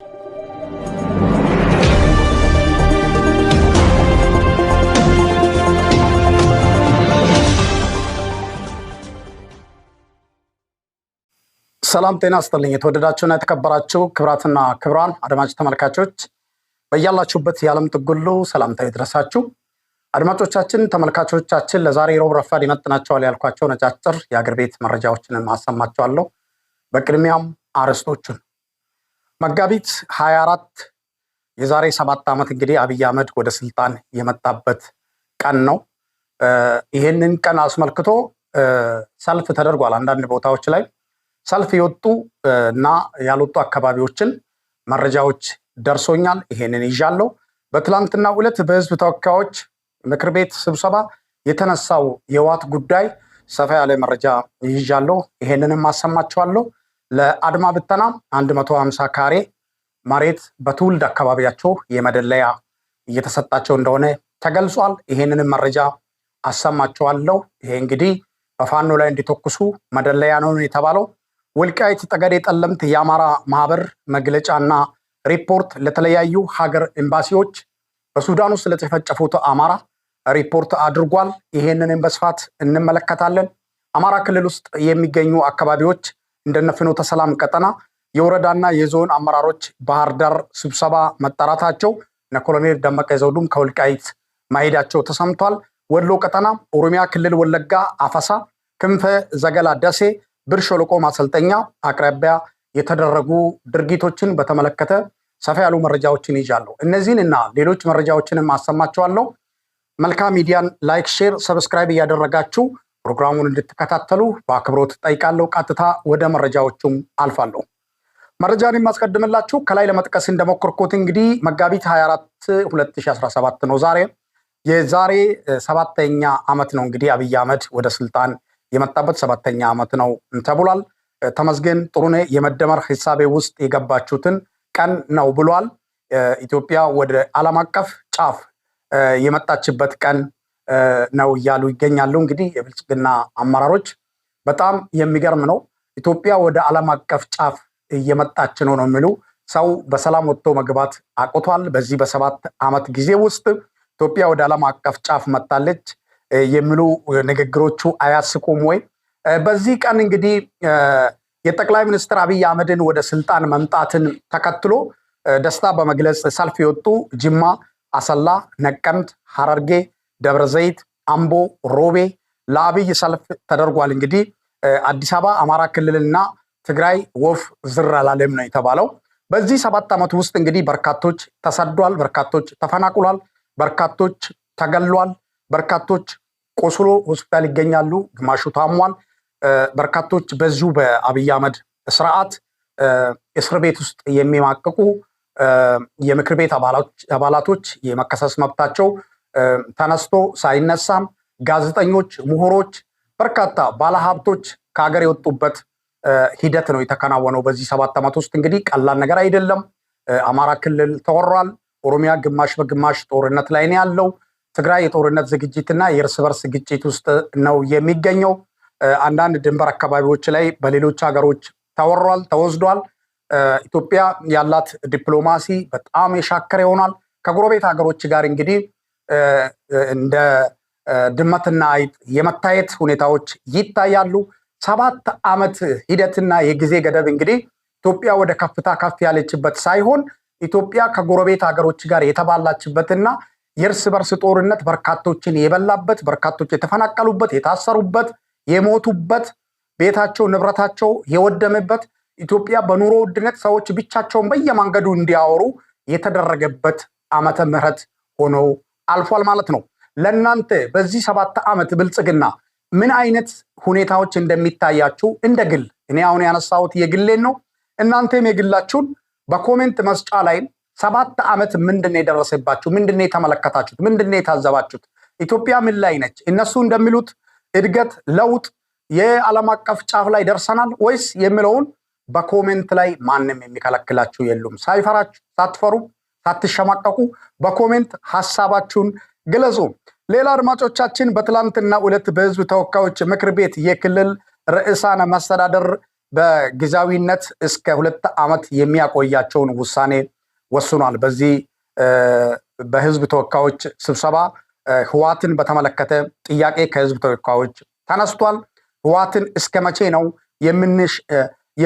ሰላም ጤና ስጥልኝ። የተወደዳችሁና የተከበራችሁ ክብራትና ክብራን አድማጭ ተመልካቾች በያላችሁበት የዓለም ጥጉሉ ሰላምታ ይድረሳችሁ። አድማጮቻችን፣ ተመልካቾቻችን ለዛሬ ሮብ ረፋድ ይመጥናቸዋል ያልኳቸው ነጫጭር የአገር ቤት መረጃዎችን አሰማችኋለሁ። በቅድሚያም አርዕስቶቹን መጋቢት 24 የዛሬ ሰባት ዓመት እንግዲህ አብይ አህመድ ወደ ስልጣን የመጣበት ቀን ነው። ይህንን ቀን አስመልክቶ ሰልፍ ተደርጓል። አንዳንድ ቦታዎች ላይ ሰልፍ የወጡ እና ያልወጡ አካባቢዎችን መረጃዎች ደርሶኛል። ይሄንን ይዣለሁ። በትላንትና ዕለት በህዝብ ተወካዮች ምክር ቤት ስብሰባ የተነሳው የዋት ጉዳይ ሰፋ ያለ መረጃ ይዣለሁ። ይሄንንም አሰማችኋለሁ። ለአድማ ብተና 150 ካሬ መሬት በትውልድ አካባቢያቸው የመደለያ እየተሰጣቸው እንደሆነ ተገልጿል። ይሄንንም መረጃ አሰማቸዋለሁ። ይሄ እንግዲህ በፋኖ ላይ እንዲተኩሱ መደለያ ነው የተባለው። ወልቃይት ጠገዴ፣ ጠለምት የአማራ ማህበር መግለጫና ሪፖርት ለተለያዩ ሀገር ኤምባሲዎች በሱዳን ውስጥ ለተጨፈጨፉት አማራ ሪፖርት አድርጓል። ይሄንንም በስፋት እንመለከታለን። አማራ ክልል ውስጥ የሚገኙ አካባቢዎች እንደነ ፍኖተ ሰላም ቀጠና የወረዳና የዞን አመራሮች ባህር ዳር ስብሰባ መጠራታቸው እነ ኮሎኔል ደመቀ ዘውዱም ከወልቃይት ማሄዳቸው ተሰምቷል። ወሎ ቀጠና ኦሮሚያ ክልል ወለጋ አፈሳ፣ ክንፈ ዘገላ ደሴ፣ ብር ሸለቆ ማሰልጠኛ አቅራቢያ የተደረጉ ድርጊቶችን በተመለከተ ሰፋ ያሉ መረጃዎችን ይዣለሁ። እነዚህን እና ሌሎች መረጃዎችንም አሰማችኋለሁ። መልካም ሚዲያን ላይክ፣ ሼር፣ ሰብስክራይብ እያደረጋችሁ ፕሮግራሙን እንድትከታተሉ በአክብሮት ጠይቃለሁ። ቀጥታ ወደ መረጃዎቹም አልፋለሁ። መረጃን የማስቀድምላችሁ ከላይ ለመጥቀስ እንደሞከርኩት እንግዲህ መጋቢት 24 2017 ነው ዛሬ የዛሬ ሰባተኛ ዓመት ነው እንግዲህ አብይ አህመድ ወደ ስልጣን የመጣበት ሰባተኛ ዓመት ነው ተብሏል። ተመስገን ጥሩኔ የመደመር ሂሳቤ ውስጥ የገባችሁትን ቀን ነው ብሏል። ኢትዮጵያ ወደ ዓለም አቀፍ ጫፍ የመጣችበት ቀን ነው እያሉ ይገኛሉ። እንግዲህ የብልጽግና አመራሮች በጣም የሚገርም ነው። ኢትዮጵያ ወደ ዓለም አቀፍ ጫፍ እየመጣች ነው ነው የሚሉ ሰው በሰላም ወጥቶ መግባት አቁቷል። በዚህ በሰባት ዓመት ጊዜ ውስጥ ኢትዮጵያ ወደ ዓለም አቀፍ ጫፍ መጣለች የሚሉ ንግግሮቹ አያስቁም ወይ? በዚህ ቀን እንግዲህ የጠቅላይ ሚኒስትር አብይ አህመድን ወደ ስልጣን መምጣትን ተከትሎ ደስታ በመግለጽ ሰልፍ የወጡ ጅማ፣ አሰላ፣ ነቀምት፣ ሐረርጌ ደብረ ዘይት፣ አምቦ፣ ሮቤ ለአብይ ሰልፍ ተደርጓል። እንግዲህ አዲስ አበባ፣ አማራ ክልልና ትግራይ ወፍ ዝር አላለም ነው የተባለው። በዚህ ሰባት ዓመት ውስጥ እንግዲህ በርካቶች ተሰዷል፣ በርካቶች ተፈናቅሏል፣ በርካቶች ተገሏል፣ በርካቶች ቆስሎ ሆስፒታል ይገኛሉ፣ ግማሹ ታሟል። በርካቶች በዚሁ በአብይ አህመድ ስርዓት እስር ቤት ውስጥ የሚማቅቁ የምክር ቤት አባላቶች የመከሰስ መብታቸው ተነስቶ ሳይነሳም ጋዜጠኞች፣ ምሁሮች፣ በርካታ ባለሀብቶች ከሀገር የወጡበት ሂደት ነው የተከናወነው። በዚህ ሰባት ዓመት ውስጥ እንግዲህ ቀላል ነገር አይደለም። አማራ ክልል ተወሯል። ኦሮሚያ ግማሽ በግማሽ ጦርነት ላይ ነው ያለው። ትግራይ የጦርነት ዝግጅትና የእርስ በርስ ግጭት ውስጥ ነው የሚገኘው። አንዳንድ ድንበር አካባቢዎች ላይ በሌሎች ሀገሮች ተወሯል፣ ተወስዷል። ኢትዮጵያ ያላት ዲፕሎማሲ በጣም የሻከረ ይሆናል። ከጎረቤት ሀገሮች ጋር እንግዲህ እንደ ድመትና አይጥ የመታየት ሁኔታዎች ይታያሉ። ሰባት ዓመት ሂደትና የጊዜ ገደብ እንግዲህ ኢትዮጵያ ወደ ከፍታ ከፍ ያለችበት ሳይሆን ኢትዮጵያ ከጎረቤት ሀገሮች ጋር የተባላችበትና የእርስ በርስ ጦርነት በርካቶችን የበላበት፣ በርካቶች የተፈናቀሉበት፣ የታሰሩበት፣ የሞቱበት፣ ቤታቸው ንብረታቸው የወደመበት ኢትዮጵያ በኑሮ ውድነት ሰዎች ብቻቸውን በየመንገዱ እንዲያወሩ የተደረገበት ዓመተ ምሕረት ሆኖ አልፏል ማለት ነው። ለእናንተ በዚህ ሰባት ዓመት ብልጽግና ምን አይነት ሁኔታዎች እንደሚታያችሁ እንደ ግል እኔ አሁን ያነሳሁት የግሌን ነው። እናንተም የግላችሁን በኮሜንት መስጫ ላይ ሰባት ዓመት ምንድን የደረሰባችሁ? ምንድን የተመለከታችሁት? ምንድን የታዘባችሁት? ኢትዮጵያ ምን ላይ ነች? እነሱ እንደሚሉት እድገት፣ ለውጥ፣ የዓለም አቀፍ ጫፍ ላይ ደርሰናል ወይስ የሚለውን በኮሜንት ላይ ማንም የሚከለክላችሁ የሉም። ሳይፈራችሁ ሳትፈሩ ሳትሸማቀቁ በኮሜንት ሀሳባችሁን ግለጹ። ሌላ አድማጮቻችን፣ በትላንትና ዕለት በህዝብ ተወካዮች ምክር ቤት የክልል ርዕሳነ መስተዳደር በጊዜያዊነት እስከ ሁለት ዓመት የሚያቆያቸውን ውሳኔ ወስኗል። በዚህ በህዝብ ተወካዮች ስብሰባ ህዋትን በተመለከተ ጥያቄ ከህዝብ ተወካዮች ተነስቷል። ህዋትን እስከ መቼ ነው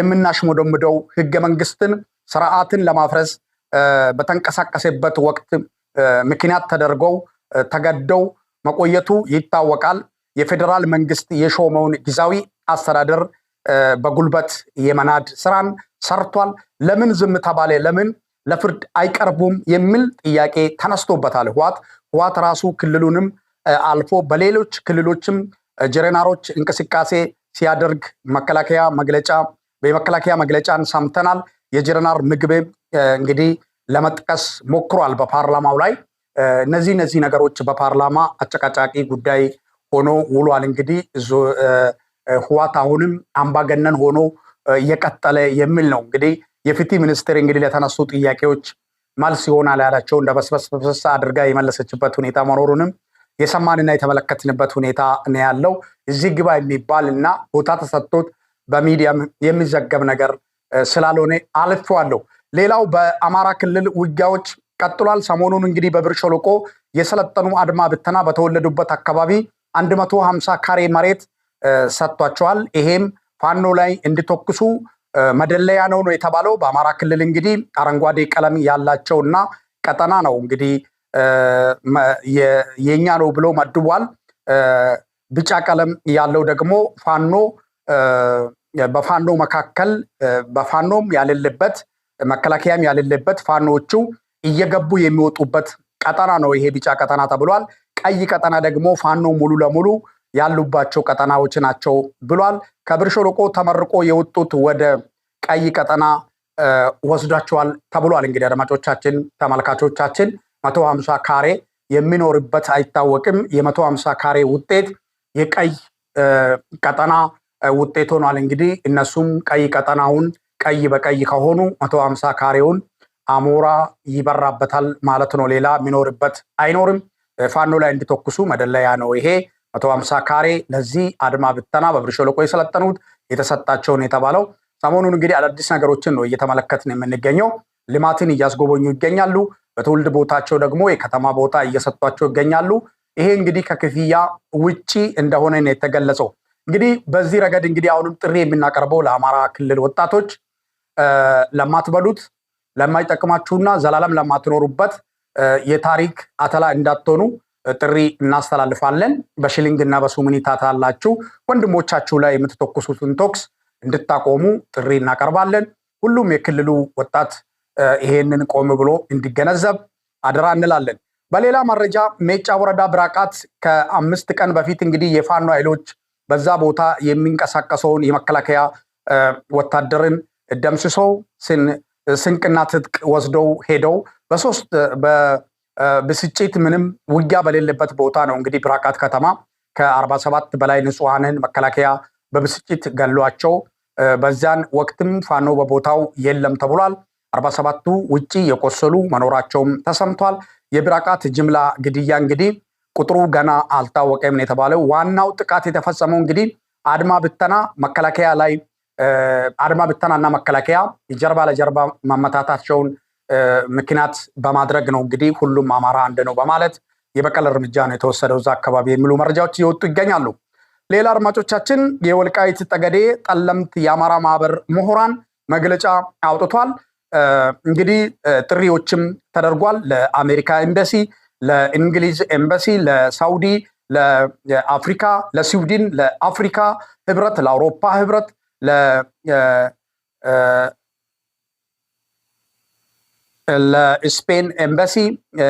የምናሽሞደምደው? ህገ መንግስትን ስርዓትን ለማፍረስ በተንቀሳቀሰበት ወቅት ምክንያት ተደርገው ተገደው መቆየቱ ይታወቃል። የፌዴራል መንግስት የሾመውን ጊዜያዊ አስተዳደር በጉልበት የመናድ ስራን ሰርቷል። ለምን ዝም ተባለ? ለምን ለፍርድ አይቀርቡም? የሚል ጥያቄ ተነስቶበታል። ህዋት ህዋት ራሱ ክልሉንም አልፎ በሌሎች ክልሎችም ጀሬናሮች እንቅስቃሴ ሲያደርግ መከላከያ መግለጫ የመከላከያ መግለጫን ሰምተናል። የጀነራል ምግቤ እንግዲህ ለመጥቀስ ሞክሯል በፓርላማው ላይ እነዚህ እነዚህ ነገሮች በፓርላማ አጨቃጫቂ ጉዳይ ሆኖ ውሏል። እንግዲህ ህዋት አሁንም አምባገነን ሆኖ እየቀጠለ የሚል ነው። እንግዲህ የፍትህ ሚኒስቴር እንግዲህ ለተነሱ ጥያቄዎች መልስ ይሆናል ያላቸው እንደ በስበስበስ አድርጋ የመለሰችበት ሁኔታ መኖሩንም የሰማንና የተመለከትንበት ሁኔታ ነው ያለው። እዚህ ግባ የሚባል እና ቦታ ተሰጥቶት በሚዲያም የሚዘገብ ነገር ስላልሆነ አልፌዋለሁ። ሌላው በአማራ ክልል ውጊያዎች ቀጥሏል። ሰሞኑን እንግዲህ በብር ሸለቆ የሰለጠኑ አድማ ብተና በተወለዱበት አካባቢ 150 ካሬ መሬት ሰጥቷቸዋል። ይሄም ፋኖ ላይ እንዲተኩሱ መደለያ ነው ነው የተባለው። በአማራ ክልል እንግዲህ አረንጓዴ ቀለም ያላቸውና ቀጠና ነው እንግዲህ የኛ ነው ብሎ መድቧል። ቢጫ ቀለም ያለው ደግሞ ፋኖ በፋኖ መካከል በፋኖም ያሌለበት መከላከያም ያሌለበት ፋኖቹ እየገቡ የሚወጡበት ቀጠና ነው። ይሄ ቢጫ ቀጠና ተብሏል። ቀይ ቀጠና ደግሞ ፋኖ ሙሉ ለሙሉ ያሉባቸው ቀጠናዎች ናቸው ብሏል። ከብር ሸለቆ ተመርቆ የወጡት ወደ ቀይ ቀጠና ወስዷቸዋል ተብሏል። እንግዲህ አድማጮቻችን፣ ተመልካቾቻችን መቶ ሀምሳ ካሬ የሚኖርበት አይታወቅም። የመቶ ሀምሳ ካሬ ውጤት የቀይ ቀጠና ውጤት ሆኗል። እንግዲህ እነሱም ቀይ ቀጠናውን ቀይ በቀይ ከሆኑ መቶ ሀምሳ ካሬውን አሞራ ይበራበታል ማለት ነው። ሌላ የሚኖርበት አይኖርም። ፋኖ ላይ እንዲተኩሱ መደለያ ነው ይሄ መቶ ሀምሳ ካሬ። ለዚህ አድማ ብተና በብር ሸለቆ የሰለጠኑት የተሰጣቸውን የተባለው ሰሞኑን እንግዲህ አዳዲስ ነገሮችን ነው እየተመለከትን የምንገኘው። ልማትን እያስጎበኙ ይገኛሉ። በትውልድ ቦታቸው ደግሞ የከተማ ቦታ እየሰጧቸው ይገኛሉ። ይሄ እንግዲህ ከክፍያ ውጪ እንደሆነ ነው የተገለጸው። እንግዲህ በዚህ ረገድ እንግዲህ አሁንም ጥሪ የምናቀርበው ለአማራ ክልል ወጣቶች ለማትበሉት ለማይጠቅማችሁና ዘላለም ለማትኖሩበት የታሪክ አተላ እንዳትሆኑ ጥሪ እናስተላልፋለን። በሽሊንግና በሱምኒታ ታላችሁ ወንድሞቻችሁ ላይ የምትተኩሱትን ቶክስ እንድታቆሙ ጥሪ እናቀርባለን። ሁሉም የክልሉ ወጣት ይሄንን ቆም ብሎ እንዲገነዘብ አደራ እንላለን። በሌላ መረጃ ሜጫ ወረዳ ብራቃት ከአምስት ቀን በፊት እንግዲህ የፋኖ ኃይሎች በዛ ቦታ የሚንቀሳቀሰውን የመከላከያ ወታደርን ደምስሰው ስንቅና ትጥቅ ወስደው ሄደው በሶስት በብስጭት ምንም ውጊያ በሌለበት ቦታ ነው እንግዲህ ብራካት ከተማ ከአርባ ሰባት በላይ ንጹሐንን መከላከያ በብስጭት ገሏቸው። በዚያን ወቅትም ፋኖ በቦታው የለም ተብሏል። አርባ ሰባቱ ውጪ የቆሰሉ መኖራቸውም ተሰምቷል። የብራቃት ጅምላ ግድያ እንግዲህ ቁጥሩ ገና አልታወቀም ነው የተባለው። ዋናው ጥቃት የተፈጸመው እንግዲህ አድማ ብተና መከላከያ ላይ አድማ ብተናና መከላከያ ጀርባ ለጀርባ መመታታቸውን ምክንያት በማድረግ ነው። እንግዲህ ሁሉም አማራ አንድ ነው በማለት የበቀል እርምጃ ነው የተወሰደው እዛ አካባቢ የሚሉ መረጃዎች እየወጡ ይገኛሉ። ሌላ አድማጮቻችን፣ የወልቃይት ጠገዴ ጠለምት የአማራ ማህበር ምሁራን መግለጫ አውጥቷል። እንግዲህ ጥሪዎችም ተደርጓል ለአሜሪካ ኤምባሲ ለእንግሊዝ ኤምባሲ፣ ለሳውዲ፣ ለአፍሪካ፣ ለስዊድን፣ ለአፍሪካ ህብረት፣ ለአውሮፓ ህብረት፣ ለስፔን ኤምባሲ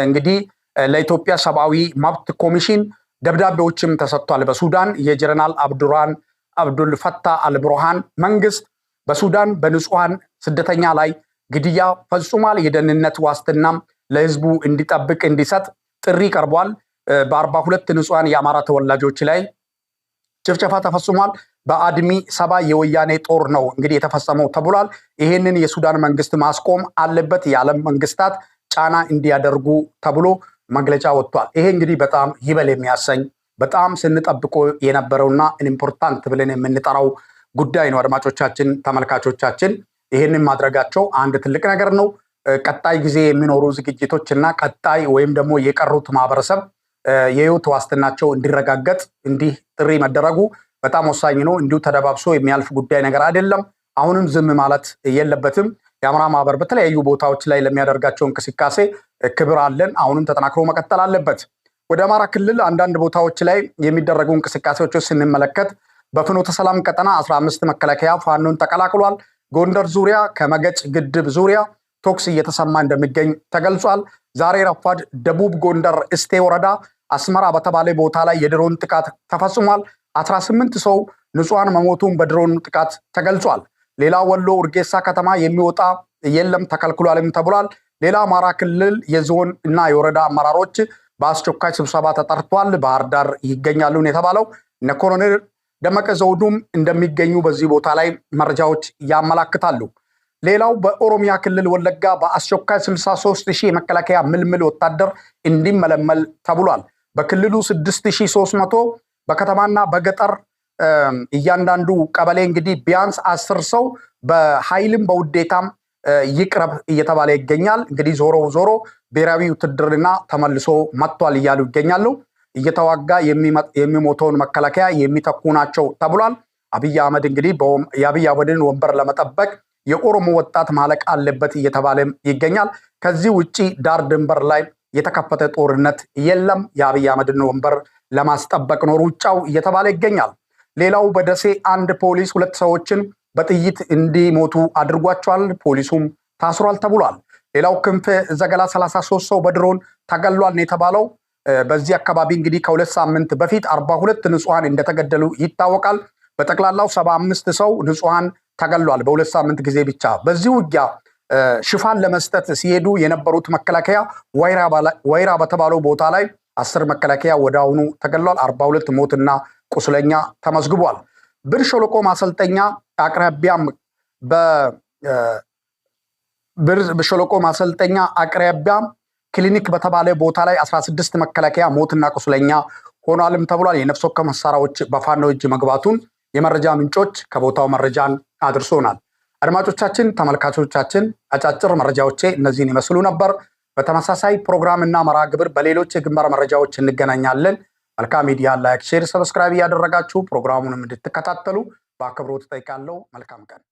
እንግዲህ ለኢትዮጵያ ሰብአዊ መብት ኮሚሽን ደብዳቤዎችም ተሰጥቷል። በሱዳን የጀነራል አብዱራን አብዱል ፈታ አልብርሃን መንግስት በሱዳን በንጹሐን ስደተኛ ላይ ግድያ ፈጽሟል። የደህንነት ዋስትናም ለህዝቡ እንዲጠብቅ እንዲሰጥ ጥሪ ቀርቧል። በአርባ ሁለት ንጹሐን የአማራ ተወላጆች ላይ ጭፍጨፋ ተፈጽሟል። በአድሚ ሰባ የወያኔ ጦር ነው እንግዲህ የተፈጸመው ተብሏል። ይሄንን የሱዳን መንግስት ማስቆም አለበት፣ የዓለም መንግስታት ጫና እንዲያደርጉ ተብሎ መግለጫ ወጥቷል። ይሄ እንግዲህ በጣም ይበል የሚያሰኝ በጣም ስንጠብቆ የነበረውና ኢምፖርታንት ብለን የምንጠራው ጉዳይ ነው። አድማጮቻችን፣ ተመልካቾቻችን ይህንን ማድረጋቸው አንድ ትልቅ ነገር ነው። ቀጣይ ጊዜ የሚኖሩ ዝግጅቶች እና ቀጣይ ወይም ደግሞ የቀሩት ማህበረሰብ የህይወት ዋስትናቸው እንዲረጋገጥ እንዲህ ጥሪ መደረጉ በጣም ወሳኝ ነው። እንዲሁ ተደባብሶ የሚያልፍ ጉዳይ ነገር አይደለም። አሁንም ዝም ማለት የለበትም። የአማራ ማህበር በተለያዩ ቦታዎች ላይ ለሚያደርጋቸው እንቅስቃሴ ክብር አለን። አሁንም ተጠናክሮ መቀጠል አለበት። ወደ አማራ ክልል አንዳንድ ቦታዎች ላይ የሚደረጉ እንቅስቃሴዎች ስንመለከት በፍኖተ ሰላም ቀጠና 15 መከላከያ ፋኖን ተቀላቅሏል። ጎንደር ዙሪያ ከመገጭ ግድብ ዙሪያ ቶክስ እየተሰማ እንደሚገኝ ተገልጿል። ዛሬ ረፋድ ደቡብ ጎንደር እስቴ ወረዳ አስመራ በተባለ ቦታ ላይ የድሮን ጥቃት ተፈጽሟል። 18 ሰው ንጹሐን መሞቱን በድሮን ጥቃት ተገልጿል። ሌላ ወሎ እርጌሳ ከተማ የሚወጣ የለም ተከልክሏልም ተብሏል። ሌላ አማራ ክልል የዞን እና የወረዳ አመራሮች በአስቸኳይ ስብሰባ ተጠርቷል። ባህር ዳር ይገኛሉን የተባለው እነ ኮሎኔል ደመቀ ዘውዱም እንደሚገኙ በዚህ ቦታ ላይ መረጃዎች ያመላክታሉ። ሌላው በኦሮሚያ ክልል ወለጋ በአስቸኳይ 63 ሺህ የመከላከያ ምልምል ወታደር እንዲመለመል ተብሏል። በክልሉ 6300 በከተማና በገጠር እያንዳንዱ ቀበሌ እንግዲህ ቢያንስ አስር ሰው በኃይልም በውዴታም ይቅረብ እየተባለ ይገኛል። እንግዲህ ዞሮ ዞሮ ብሔራዊ ውትድርና ተመልሶ መጥቷል እያሉ ይገኛሉ። እየተዋጋ የሚሞተውን መከላከያ የሚተኩ ናቸው ተብሏል። አብይ አህመድ እንግዲህ የአብይ አህመድን ወንበር ለመጠበቅ የኦሮሞ ወጣት ማለቅ አለበት እየተባለ ይገኛል። ከዚህ ውጭ ዳር ድንበር ላይ የተከፈተ ጦርነት የለም። የአብይ አህመድን ወንበር ለማስጠበቅ ነው ሩጫው እየተባለ ይገኛል። ሌላው በደሴ አንድ ፖሊስ ሁለት ሰዎችን በጥይት እንዲሞቱ አድርጓቸዋል። ፖሊሱም ታስሯል ተብሏል። ሌላው ክንፍ ዘገላ 33 ሰው በድሮን ተገሏል ነው የተባለው። በዚህ አካባቢ እንግዲህ ከሁለት ሳምንት በፊት 42 ንጹሐን እንደተገደሉ ይታወቃል። በጠቅላላው 75 ሰው ንጹሐን ተገሏል። በሁለት ሳምንት ጊዜ ብቻ በዚህ ውጊያ ሽፋን ለመስጠት ሲሄዱ የነበሩት መከላከያ ወይራ በተባለው ቦታ ላይ አስር መከላከያ ወደ አሁኑ ተገሏል። አርባ ሁለት ሞትና ቁስለኛ ተመዝግቧል። ብር ሸለቆ ማሰልጠኛ አቅራቢያም በብር ሸለቆ ማሰልጠኛ አቅራቢያም ክሊኒክ በተባለ ቦታ ላይ 16 መከላከያ ሞትና ቁስለኛ ሆኗልም ተብሏል። የነፍስ ወከፍ መሳሪያዎች በፋኖ እጅ መግባቱን የመረጃ ምንጮች ከቦታው መረጃን አድርሶናል። አድማጮቻችን፣ ተመልካቾቻችን አጫጭር መረጃዎቼ እነዚህን ይመስሉ ነበር። በተመሳሳይ ፕሮግራም እና መርሃ ግብር በሌሎች የግንባር መረጃዎች እንገናኛለን። መልካም ሚዲያ ላይክ፣ ሼር፣ ሰብስክራይብ እያደረጋችሁ ፕሮግራሙንም እንድትከታተሉ በአክብሮት ጠይቃለሁ። መልካም ቀን